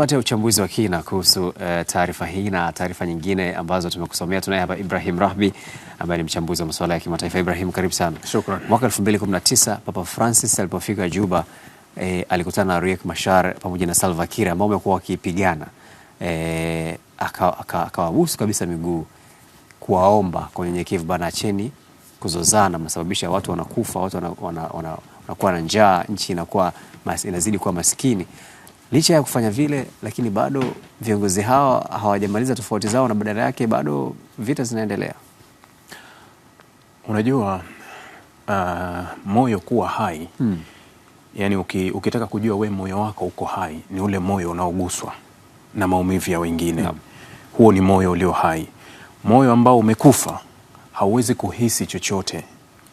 tupate uchambuzi wa kina kuhusu uh, taarifa hii na taarifa nyingine ambazo tumekusomea. Tunaye hapa Ibrahim Rahbi ambaye ni mchambuzi wa masuala ya kimataifa. Ibrahim, karibu sana. Shukrani. Mwaka 2019 Papa Francis alipofika Juba eh, alikutana na Riek Machar pamoja na Salva Kiir ambao wamekuwa wakipigana eh, akawabusu aka, aka, aka kabisa miguu kuwaomba kwa unyenyekevu bana, acheni kuzozana, masababisha watu wanakufa, watu wanakuwa wana, wana, wana na njaa, nchi inakuwa mas, inazidi kuwa maskini. Licha ya kufanya vile, lakini bado viongozi hawa hawajamaliza tofauti zao, na badala yake bado vita zinaendelea. Unajua uh, moyo kuwa hai hmm. Yani uki, ukitaka kujua we moyo wako uko hai ni ule moyo unaoguswa na maumivu ya wengine hmm. Huo ni moyo ulio hai. Moyo ambao umekufa hauwezi kuhisi chochote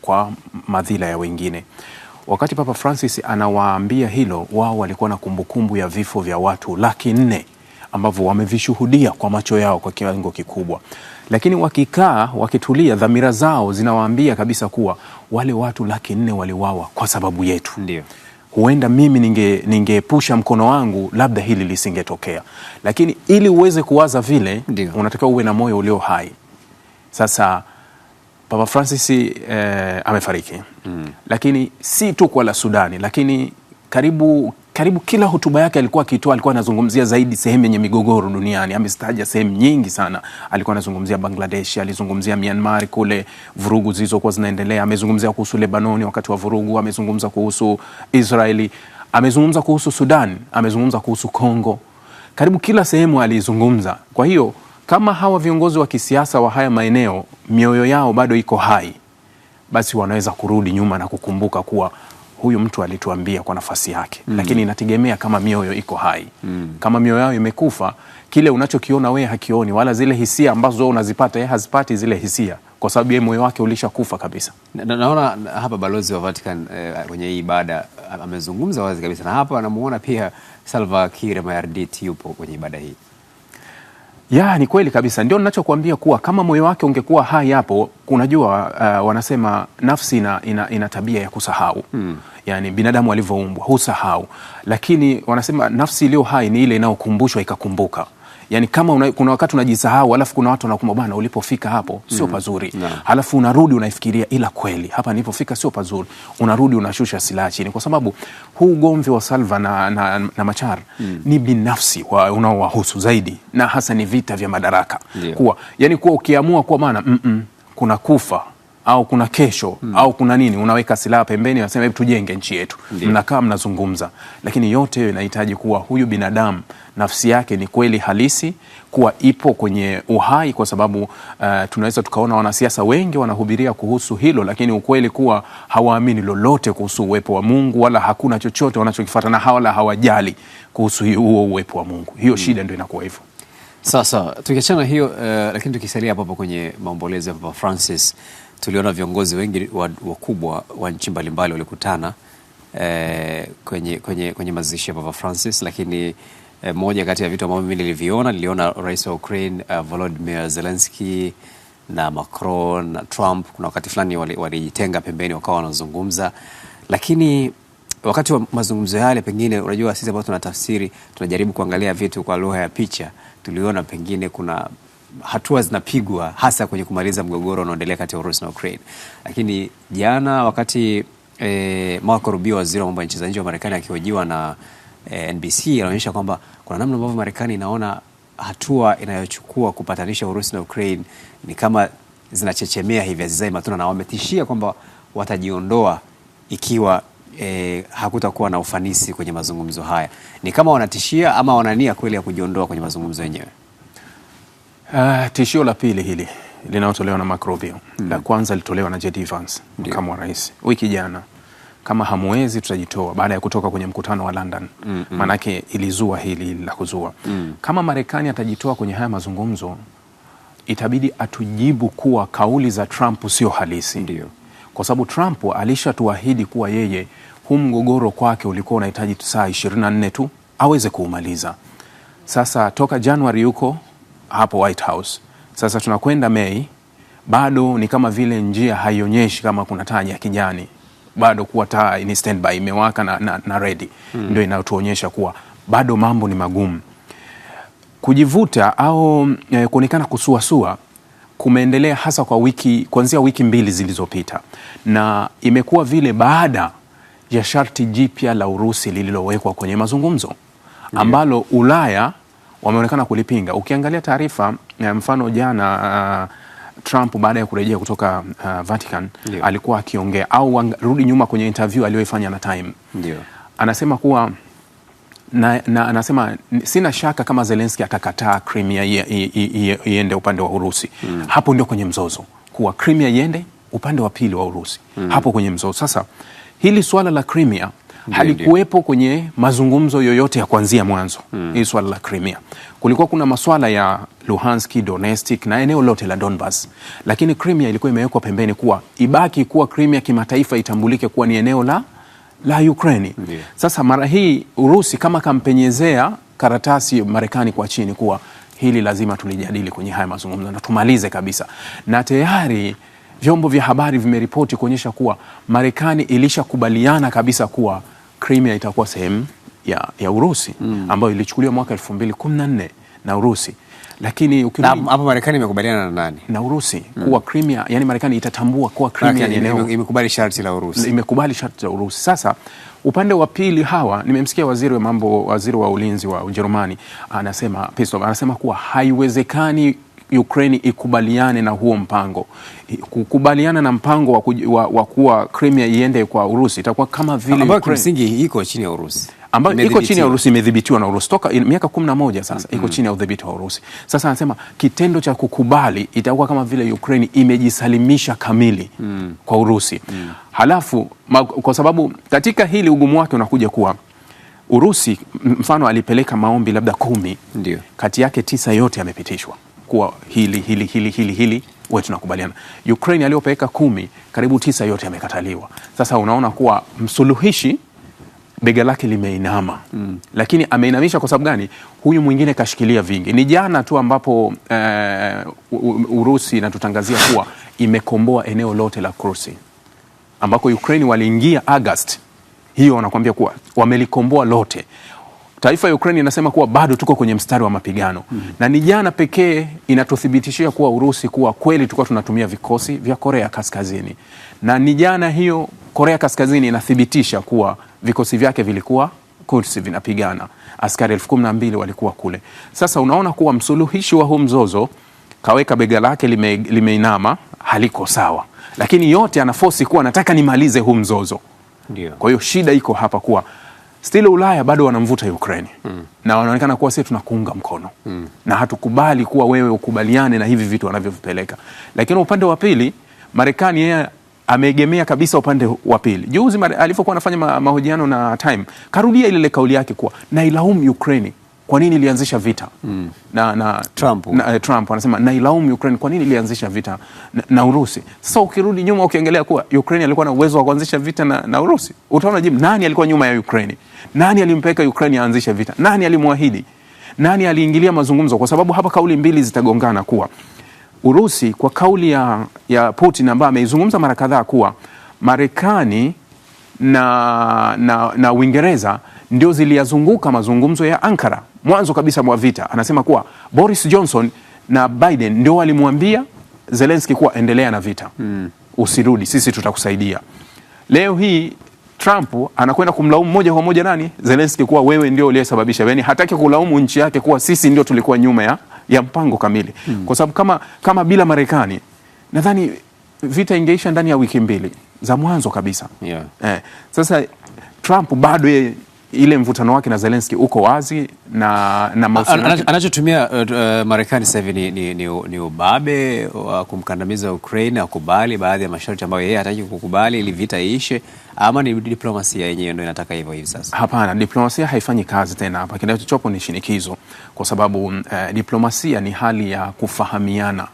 kwa madhila ya wengine. Wakati Papa Francis anawaambia hilo, wao walikuwa na kumbukumbu ya vifo vya watu laki nne ambavyo wamevishuhudia kwa macho yao kwa kiwango kikubwa, lakini wakikaa wakitulia, dhamira zao zinawaambia kabisa kuwa wale watu laki nne waliwawa kwa sababu yetu. Ndiyo. Huenda mimi ningeepusha ninge mkono wangu, labda hili lisingetokea, lakini ili uweze kuwaza vile, unatakiwa uwe na moyo ulio hai. Sasa Papa Francis eh, amefariki mm. Lakini si tu kwa la Sudani, lakini karibu karibu kila hotuba yake alikuwa akitoa, alikuwa anazungumzia zaidi sehemu yenye migogoro duniani. Amestaja sehemu nyingi sana, alikuwa anazungumzia Bangladesh, alizungumzia Myanmar kule vurugu zilizokuwa zinaendelea, amezungumzia kuhusu Lebanoni wakati wa vurugu, amezungumza kuhusu Israeli, amezungumza kuhusu Sudan, amezungumza kuhusu Kongo. Karibu kila sehemu alizungumza, kwa hiyo kama hawa viongozi wa kisiasa wa haya maeneo mioyo yao bado iko hai, basi wanaweza kurudi nyuma na kukumbuka kuwa huyu mtu alituambia kwa nafasi yake mm. Lakini inategemea kama mioyo iko hai mm. Kama mioyo yao imekufa, kile unachokiona wewe hakioni, wala zile hisia ambazo wewe unazipata yeye hazipati zile hisia, kwa sababu yeye moyo wake ulishakufa kabisa. Na, naona hapa balozi wa Vatican eh, kwenye eh, hii ibada amezungumza wazi kabisa, na hapa anamuona pia Salva Kiir Mayardit yupo kwenye ibada hii. Ya, ni kweli kabisa, ndio ninachokuambia kuwa kama moyo wake ungekuwa hai hapo. Unajua uh, wanasema nafsi ina, ina, ina tabia ya kusahau mm. Yani binadamu alivyoumbwa husahau, lakini wanasema nafsi iliyo hai ni ile inayokumbushwa ikakumbuka yani kama una, kuna wakati unajisahau, alafu kuna watu wanakumba bana ulipofika hapo sio mm-hmm. pazuri mm. Alafu unarudi unaifikiria, ila kweli hapa nilipofika sio pazuri, unarudi unashusha silaha chini, kwa sababu huu ugomvi wa Salva na, na, na Machar mm. ni binafsi unaowahusu zaidi, na hasa ni vita vya madaraka yeah. Kuwa yani kuwa ukiamua kuwa bana mm -mm, kuna kufa au kuna kesho mm. au kuna nini, unaweka silaha pembeni, unasema hebu tujenge nchi yetu mnakaa mnazungumza, lakini yote hiyo inahitaji kuwa huyu binadamu nafsi yake ni kweli halisi kuwa ipo kwenye uhai, kwa sababu uh, tunaweza tukaona wanasiasa wengi wanahubiria kuhusu hilo, lakini ukweli kuwa hawaamini lolote kuhusu uwepo wa Mungu wala hakuna chochote wanachokifuata na wala hawajali kuhusu huo uwepo wa Mungu. Hiyo hmm. shida ndio inakuwa hivyo. Sasa tukiachana hiyo uh, lakini tukisalia hapo hapo kwenye maombolezo ya Papa Francis tuliona viongozi wengi wakubwa wa nchi mbalimbali walikutana eh, kwenye, kwenye, kwenye mazishi ya Papa Francis, lakini eh, moja kati ya vitu ambavyo mimi niliviona, niliona rais wa Ukraine uh, Volodymyr Zelensky na Macron na Trump, kuna wakati fulani walijitenga pembeni wakawa wanazungumza, lakini wakati wa mazungumzo yale, pengine unajua sisi ambao tunatafsiri tunajaribu kuangalia vitu kwa lugha ya picha, tuliona pengine kuna hatua zinapigwa hasa kwenye kumaliza mgogoro unaoendelea kati ya Urusi na Ukraine. Lakini jana wakati e, Marco Rubio, waziri wa mambo ya nchi za nje wa Marekani, akihojiwa na e, eh, NBC, anaonyesha kwamba kuna namna ambavyo Marekani inaona hatua inayochukua kupatanisha Urusi na Ukraine ni kama zinachechemea hivi, hazizai matunda, na wametishia kwamba watajiondoa ikiwa E, hakutakuwa na ufanisi kwenye mazungumzo haya. Ni kama wanatishia ama wanania kweli ya kujiondoa kwenye mazungumzo yenyewe? Uh, tishio la pili hili linalotolewa na Mark Rubio mm. La kwanza lilitolewa na JD Vance, makamu wa rais, wiki jana, kama hamwezi tutajitoa, baada ya kutoka kwenye mkutano wa London hmm, mm -mm. Maanake ilizua hili la kuzua mm. Kama Marekani atajitoa kwenye haya mazungumzo, itabidi atujibu kuwa kauli za Trump sio halisi. Ndiyo. Kwa sababu Trump alishatuahidi kuwa yeye huu mgogoro kwake ulikuwa unahitaji saa 24 tu aweze kuumaliza. Sasa toka Januari yuko hapo White House. Sasa tunakwenda Mei, bado ni kama vile njia haionyeshi kama kuna taa ya kijani, bado kuwa taa ni standby imewaka na, na, na ready hmm. Ndio inayotuonyesha kuwa bado mambo ni magumu. Kujivuta au e, kuonekana kusuasua kumeendelea hasa kwa wiki kuanzia wiki mbili zilizopita, na imekuwa vile baada ya sharti jipya la Urusi lililowekwa kwenye mazungumzo ambalo Ulaya wameonekana kulipinga. Ukiangalia taarifa eh, mfano jana uh, Trump baada ya kurejea kutoka uh, Vatican Ndiyo. alikuwa akiongea au rudi nyuma kwenye interview aliyoifanya na Time Ndiyo. anasema kuwa na, na, anasema sina shaka kama Zelensky atakataa Crimea iende upande wa Urusi mm. hapo ndio kwenye mzozo, kuwa Crimea iende upande wa pili wa Urusi mm. hapo kwenye mzozo. Sasa hili suala la Crimea halikuwepo kwenye mazungumzo yoyote ya kuanzia mwanzo mm. Hii swala la Crimea kulikuwa kuna maswala ya Luhanski, Donetsk na eneo lote la Donbas, lakini Crimea ilikuwa imewekwa pembeni kuwa ibaki kuwa Crimea kimataifa itambulike kuwa ni eneo la, la Ukraini yeah. Sasa mara hii Urusi kama kampenyezea karatasi Marekani kwa chini kuwa hili lazima tulijadili kwenye haya mazungumzo na tumalize kabisa, na tayari vyombo vya habari vimeripoti kuonyesha kuwa Marekani ilishakubaliana kabisa kuwa Crimea itakuwa sehemu ya, ya Urusi mm. ambayo ilichukuliwa mwaka 2014 na Urusi lakini ukirudi hapo Marekani imekubaliana na nani? Na Urusi mm. kuwa Crimea, yani Marekani itatambua kuwa Crimea ni eneo, imekubali sharti la Urusi, imekubali sharti la Urusi. Sasa upande wa pili hawa, nimemsikia waziri wa mambo, waziri wa ulinzi wa Ujerumani anasema Pistov, anasema kuwa haiwezekani Ukraine ikubaliane na huo mpango. Kukubaliana na mpango wa, wa, wa kuwa Crimea iende kwa Urusi itakuwa kama vile ambayo kimsingi iko chini ya Urusi ambayo iko chini ya Urusi, imedhibitiwa na Urusi toka miaka 11 sasa, iko mm-hmm. chini ya udhibiti wa Urusi. Sasa anasema kitendo cha kukubali itakuwa kama vile Ukraine imejisalimisha kamili mm. kwa Urusi mm. halafu ma, kwa sababu katika hili ugumu wake unakuja kuwa Urusi mfano alipeleka maombi labda kumi, ndio kati yake tisa yote yamepitishwa kuwa hili hili hili hili hili wewe tunakubaliana. Ukraine aliyopeleka kumi, karibu tisa yote yamekataliwa. Sasa unaona kuwa msuluhishi bega lake limeinama mm. Lakini ameinamisha kwa sababu gani? Huyu mwingine kashikilia vingi. Ni jana tu ambapo uh, Urusi inatutangazia kuwa imekomboa eneo lote la Kursi ambako Ukraine waliingia August, hiyo wanakuambia kuwa wamelikomboa lote. Taarifa ya Ukraine inasema kuwa bado tuko kwenye mstari wa mapigano mm -hmm. na ni jana pekee inatuthibitishia kuwa Urusi kuwa kweli tulikuwa tunatumia vikosi vya Korea Kaskazini, na ni jana hiyo Korea Kaskazini inathibitisha kuwa vikosi vyake vilikuwa Kursi vinapigana, askari elfu kumi na mbili walikuwa kule. Sasa unaona kuwa msuluhishi wa huu mzozo kaweka bega lake limeinama, lime haliko sawa, lakini yote anafosi kuwa nataka nimalize huu mzozo. Kwa hiyo shida iko hapa kuwa stili Ulaya bado wanamvuta Ukraine mm. na wanaonekana kuwa sisi tunakuunga mkono mm. na hatukubali kuwa wewe ukubaliane na hivi vitu wanavyovipeleka, lakini upande wa pili Marekani yeye ameegemea kabisa upande wa pili. Juzi alivyokuwa anafanya ma mahojiano na Time karudia ile kauli yake kuwa nailaumu Ukraine kwa nini ilianzisha vita mm. na, na, Trump. Na, eh, Trump anasema nailaumu Ukraine kwa nini ilianzisha vita na, na Urusi. Sasa ukirudi nyuma ukiangalia kuwa Ukraine alikuwa na uwezo wa kuanzisha vita na, na Urusi, utaona jibu, nani alikuwa nyuma ya Ukraine? Nani alimpeleka Ukraine aanzishe vita? Nani alimwahidi? Nani aliingilia mazungumzo? Kwa sababu hapa kauli mbili zitagongana kuwa Urusi kwa kauli ya, ya Putin ambaye ameizungumza mara kadhaa kuwa Marekani na, na, na Uingereza ndio ziliyazunguka mazungumzo ya Ankara mwanzo kabisa mwa vita, anasema kuwa Boris Johnson na Biden ndio walimwambia Zelenski kuwa endelea na vita mm. Usirudi, sisi tutakusaidia. Leo hii Trump anakwenda kumlaumu moja kwa moja nani? Zelenski kuwa wewe ndio uliyesababisha. Yani hataki kulaumu nchi yake kuwa sisi ndio tulikuwa nyuma ya, ya mpango kamili mm. Kwa sababu kama, kama bila Marekani nadhani vita ingeisha ndani ya wiki mbili za mwanzo kabisa yeah. Eh, sasa Trump bado yeye ile mvutano wake na Zelensky uko wazi na, na anachotumia uh, uh, Marekani sasa hivi ni, ni, ni, ni ubabe wa uh, kumkandamiza Ukraine akubali baadhi ya masharti ambayo yeye hataki kukubali ili vita iishe, ama ni diplomasia yenyewe ndio inataka hivyo hivi sasa? Hapana, diplomasia haifanyi kazi tena hapa. Kinachochopo ni shinikizo, kwa sababu uh, diplomasia ni hali ya kufahamiana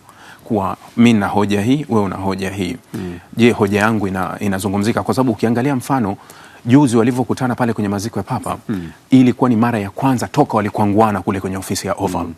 kuwa mi na hoja hii, wewe una hoja hii mm. Je, hoja yangu ina, inazungumzika? Kwa sababu ukiangalia mfano juzi walivyokutana pale kwenye maziko ya Papa mm. ilikuwa ni mara ya kwanza toka walikwanguana kule kwenye ofisi ya Oval hmm.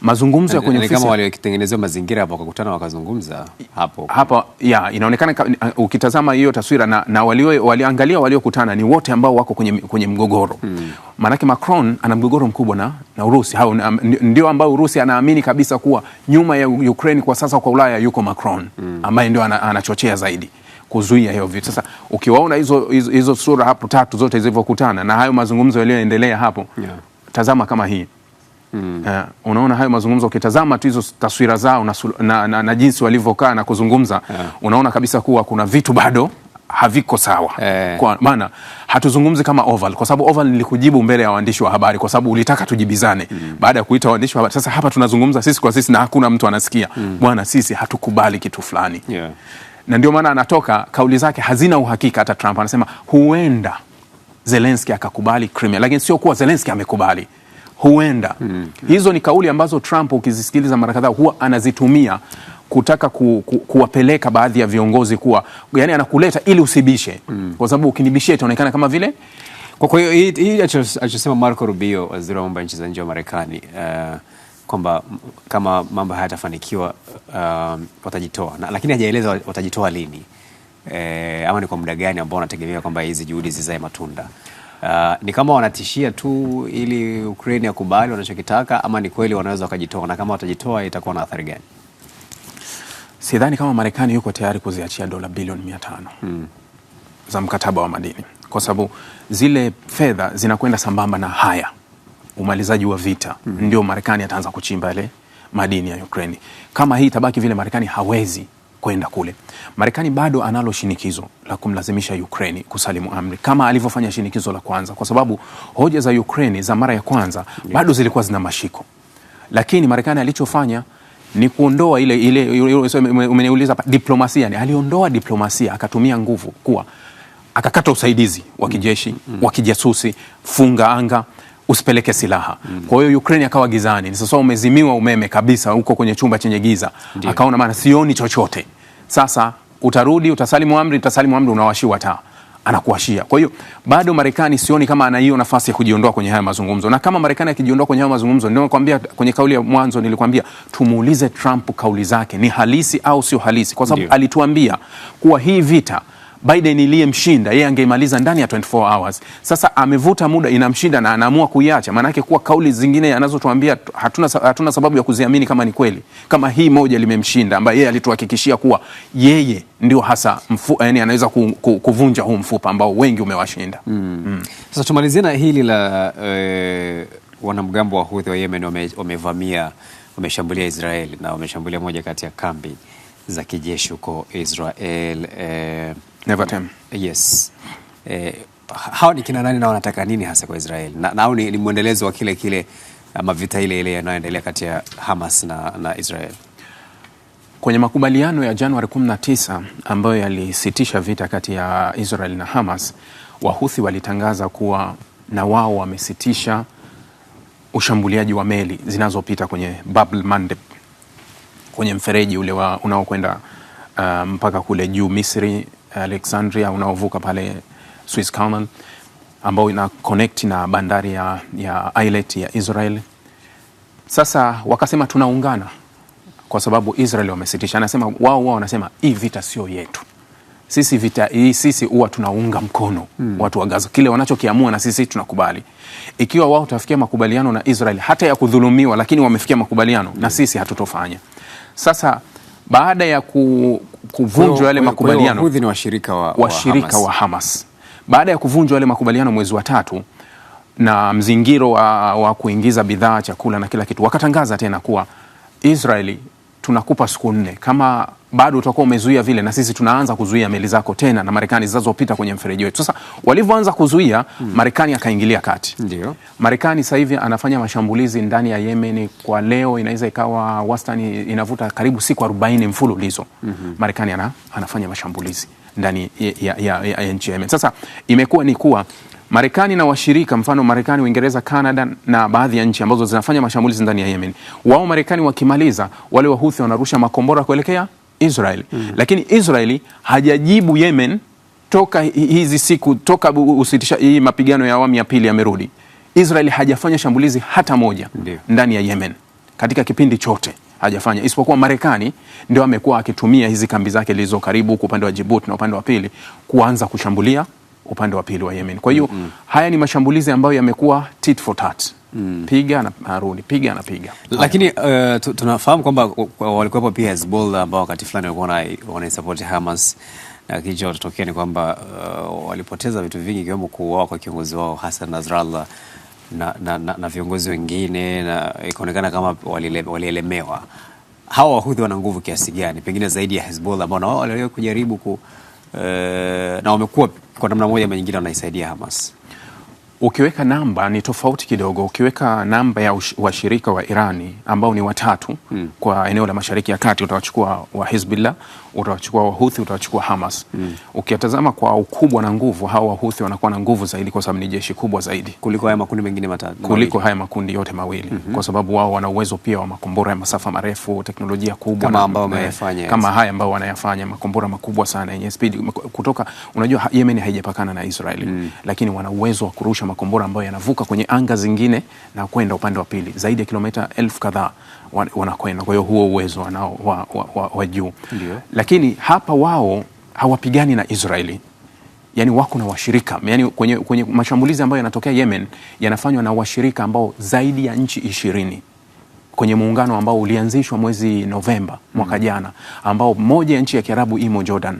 mazungumzo ya kwenye ofisi kama walitengenezewa mazingira hapo wakakutana wakazungumza hapo hapa yeah, inaonekana uh, ukitazama hiyo taswira na, na walio waliangalia waliokutana ni wote ambao wako kwenye, kwenye mgogoro hmm. Maanake Macron ana mgogoro mkubwa na, na Urusi hao, ndio ambao Urusi anaamini kabisa kuwa nyuma ya Ukraine kwa sasa kwa Ulaya yuko Macron hmm. ambaye ndio anachochea zaidi kuzuia hiyo vitu. Sasa ukiwaona hizo, hizo, hizo sura hapo tatu zote zilivyokutana na hayo mazungumzo yaliyoendelea hapo yeah. Tazama kama hii mm. Uh, unaona hayo mazungumzo ukitazama tu hizo taswira zao na, na, na, na jinsi walivyokaa na kuzungumza yeah. Unaona kabisa kuwa kuna vitu bado haviko sawa eh. Kwa maana hatuzungumzi kama Oval kwa sababu Oval nilikujibu mbele ya waandishi wa habari kwa sababu ulitaka tujibizane mm. Baada ya kuita waandishi wa habari, sasa hapa tunazungumza sisi kwa sisi na hakuna mtu anasikia mm. bwana mm. Sisi hatukubali kitu fulani yeah na ndio maana anatoka kauli zake hazina uhakika. Hata Trump anasema huenda zelenski akakubali Crimea, lakini sio kuwa Zelenski amekubali huenda. mm -hmm. Hizo ni kauli ambazo Trump ukizisikiliza mara kadhaa huwa anazitumia kutaka ku, ku, kuwapeleka baadhi ya viongozi kuwa, yani anakuleta ili usibishe mm. kwa sababu ukinibishia itaonekana kama vile Kwa hiyo hii alichosema Marco Rubio, waziri wa mambo ya nchi za nje wa Marekani uh, kwamba kama mambo hayatafanikiwa uh, watajitoa na, lakini hajaeleza watajitoa lini e, ama ni kwa muda gani ambao wanategemea kwamba hizi juhudi zizae matunda. Uh, ni kama wanatishia tu ili Ukraine akubali wanachokitaka ama ni kweli wanaweza wakajitoa, na kama watajitoa itakuwa na athari gani? Sidhani kama Marekani yuko tayari kuziachia dola bilioni mia tano hmm, za mkataba wa madini kwa sababu zile fedha zinakwenda sambamba na haya umalizaji wa vita mm -hmm. ndio Marekani ataanza kuchimba yale madini ya Ukraine. Kama hii tabaki vile, Marekani hawezi kwenda kule. Marekani bado analo shinikizo la kumlazimisha Ukraine kusalimu amri kama alivyofanya shinikizo la kwanza, kwa sababu hoja za Ukraine za mara ya kwanza yeah. bado zilikuwa zina mashiko, lakini Marekani alichofanya ni kuondoa ile ile, umeniuliza diplomasia, ni aliondoa diplomasia, akatumia nguvu kuwa akakata usaidizi wa kijeshi mm -hmm. wa kijasusi, funga anga usipeleke silaha mm. Kwa hiyo Ukraine akawa gizani, ni sasa umezimiwa umeme kabisa, huko kwenye chumba chenye giza, akaona maana sioni chochote. Sasa utarudi utasalimu amri, utasalimu amri, unawashiwa taa anakuashia. Kwa hiyo bado Marekani sioni kama ana hiyo nafasi ya kujiondoa kwenye haya mazungumzo, na kama Marekani akijiondoa kwenye haya mazungumzo, ndio nakwambia kwenye kauli ya mwanzo nilikwambia tumuulize Trump kauli zake ni halisi au sio halisi, kwa sababu alituambia kuwa hii vita Biden iliyemshinda yeye angeimaliza ndani ya 24 hours. Sasa amevuta muda, inamshinda na anaamua kuiacha, maanake kuwa kauli zingine anazotuambia hatuna, hatuna sababu ya kuziamini kama ni kweli, kama hii moja limemshinda, ambaye yeye alituhakikishia kuwa yeye ndio hasa mfu, eh, yani anaweza ku, ku, kuvunja huu mfupa ambao wengi umewashinda. mm. mm. Sasa tumalizie na hili la eh, wanamgambo wa Houthi wa Yemen wamevamia, wameshambulia Israeli na wameshambulia moja kati ya kambi za kijeshi huko Israel eh, time. Yes. Eh, hao ni kina nani na wanataka nini hasa kwa Israel? Na, nao ni, ni mwendelezo wa kile kile vita ile ile yanayoendelea kati ya Hamas na, na Israel. Kwenye makubaliano ya Januari 19 ambayo yalisitisha vita kati ya Israel na Hamas, Wahuthi walitangaza kuwa na wao wamesitisha ushambuliaji wa meli zinazopita kwenye Bab el Mandeb kwenye mfereji ule wa unaokwenda uh, mpaka kule juu Misri Alexandria, unaovuka pale Suez Canal ambao ina connect na bandari ya, ya Eilat ya Israel. Sasa wakasema tunaungana kwa sababu Israel wamesitisha. Anasema wao wao wanasema hii vita sio yetu sisi, vita hii sisi huwa tunaunga mkono hmm, watu wa Gaza kile wanachokiamua na sisi tunakubali. Ikiwa wao watafikia makubaliano na Israel hata ya kudhulumiwa, lakini wamefikia makubaliano hmm, na sisi hatutofanya sasa baada ya ku, kuvunjwa yale makubaliano Wahudhi ni washirika wa, wa, Hamas. wa Hamas baada ya kuvunjwa yale makubaliano mwezi wa tatu na mzingiro wa, wa kuingiza bidhaa, chakula na kila kitu, wakatangaza tena kuwa Israeli tunakupa siku nne kama bado utakuwa umezuia vile, na sisi tunaanza kuzuia meli zako tena na Marekani zinazopita kwenye mfereji wetu. Sasa walivyoanza kuzuia hmm, Marekani akaingilia kati. Ndio Marekani sasa hivi anafanya mashambulizi ndani ya Yemen, kwa leo inaweza ikawa wastani inavuta karibu siku 40 mfululizo mm -hmm. Marekani ana, anafanya mashambulizi ndani ya, ya, ya, ya, ya nchi ya Yemen. Sasa imekuwa ni kuwa Marekani na washirika mfano Marekani, Uingereza, Canada na baadhi ya nchi ambazo zinafanya mashambulizi ndani ya Yemen, wao Marekani wakimaliza, wale Wahuthi wanarusha makombora kuelekea Israeli mm. Lakini Israeli hajajibu Yemen toka hizi siku toka usitisha hii mapigano ya awamu ya pili yamerudi. Israeli hajafanya shambulizi hata moja Ndiyo. ndani ya Yemen katika kipindi chote hajafanya isipokuwa Marekani ndio amekuwa akitumia hizi kambi zake zilizo karibu huko upande wa Djibouti na upande wa pili kuanza kushambulia upande wa pili wa Yemen. Kwa hiyo mm -hmm. haya ni mashambulizi ambayo yamekuwa tit for tat. Mm. Piga na anarudi, piga na piga. Lakini uh, tunafahamu kwamba walikuwepo pia Hezbollah ambao wakati fulani walikuwa wanaisapoti Hamas na kilicho kutokea ni kwamba uh, walipoteza vitu vingi ikiwemo kuuawa kwa kiongozi wao Hassan Nasrallah na, na, na, na viongozi wengine na ikaonekana kama walielemewa. Hawa wahudhi wana nguvu kiasi gani, pengine zaidi ya Hezbollah ambao wao waliwahi kujaribu ku, uh, na wamekuwa kwa namna moja ama nyingine wanaisaidia Hamas? Ukiweka namba ni tofauti kidogo. Ukiweka namba ya washirika wa Irani ambao ni watatu mm. kwa eneo la Mashariki ya Kati, utawachukua wa Hizbullah, utawachukua Wahuthi, utawachukua Hamas mm. Ukiyatazama kwa ukubwa na nguvu, hawa Wahuthi wanakuwa na nguvu zaidi kwa sababu ni jeshi kubwa zaidi kuliko haya makundi mengine matatu, kuliko haya makundi yote mawili mm -hmm. kwa sababu wao wana uwezo pia wa makombora ya masafa marefu, teknolojia kubwa kama, ambao wanayafanya kama haya ambao wanayafanya makombora makubwa sana yenye speed kutoka, unajua Yemen haijapakana na Israeli mm. lakini wana uwezo wa kurusha makombora ambayo yanavuka kwenye anga zingine na kwenda upande wa pili, zaidi ya kilomita elfu kadhaa wanakwenda. Kwa hiyo huo uwezo wanao wa, wa, wa, wa juu, lakini hapa wao hawapigani na Israeli yani wako na washirika yani kwenye, kwenye mashambulizi ambayo yanatokea Yemen yanafanywa na washirika ambao zaidi ya nchi ishirini kwenye muungano ambao ulianzishwa mwezi Novemba mwaka mm-hmm. jana, ambao moja ya nchi ya Kiarabu imo Jordan,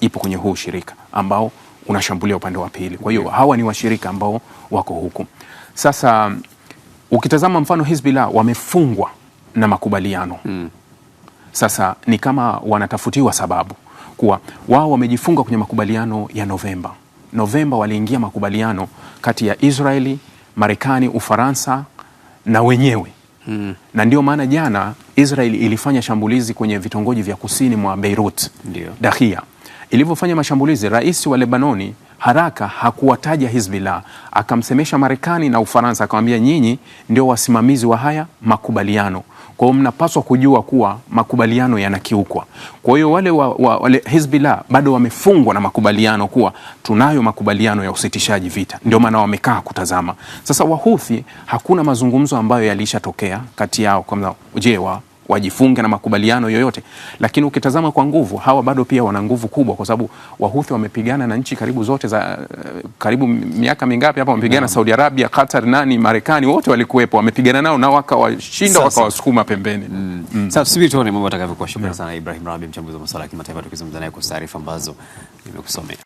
ipo kwenye huu shirika ambao unashambulia upande wa pili. Kwa hiyo hawa ni washirika ambao wako huku. Sasa ukitazama mfano Hizbullah wamefungwa na makubaliano mm. Sasa ni kama wanatafutiwa sababu kuwa wao wamejifunga kwenye makubaliano ya Novemba. Novemba waliingia makubaliano kati ya Israeli, Marekani, Ufaransa na wenyewe mm. na ndio maana jana Israel ilifanya shambulizi kwenye vitongoji vya kusini mwa Beirut ndio. Dahia ilivyofanya mashambulizi, rais wa Lebanoni haraka hakuwataja Hizbillah, akamsemesha Marekani na Ufaransa, akamwambia nyinyi ndio wasimamizi wa haya makubaliano kwa hiyo mnapaswa kujua kuwa makubaliano yanakiukwa. Kwa hiyo wale, wa, wa, wale Hizbullah bado wamefungwa na makubaliano kuwa tunayo makubaliano ya usitishaji vita, ndio maana wamekaa kutazama. Sasa Wahuthi hakuna mazungumzo ambayo yalishatokea kati yao kwamba je wa wajifunge na makubaliano yoyote. Lakini ukitazama kwa nguvu, hawa bado pia wana nguvu kubwa, kwa sababu Wahuthi wamepigana na nchi karibu zote za eh, karibu miaka mingapi hapa, wamepigana Saudi Arabia, Qatar, nani, Marekani, wote walikuwepo, wamepigana nao na wakawashinda, wakawasukuma pembeni. Mm, mm. Mm. Sasa subiri tuone mambo atakavyokuwa. Shukrani sana Ibrahim Rahbi, mchambuzi wa masuala ya kimataifa, tukizungumza naye kwa taarifa ambazo nimekusomea.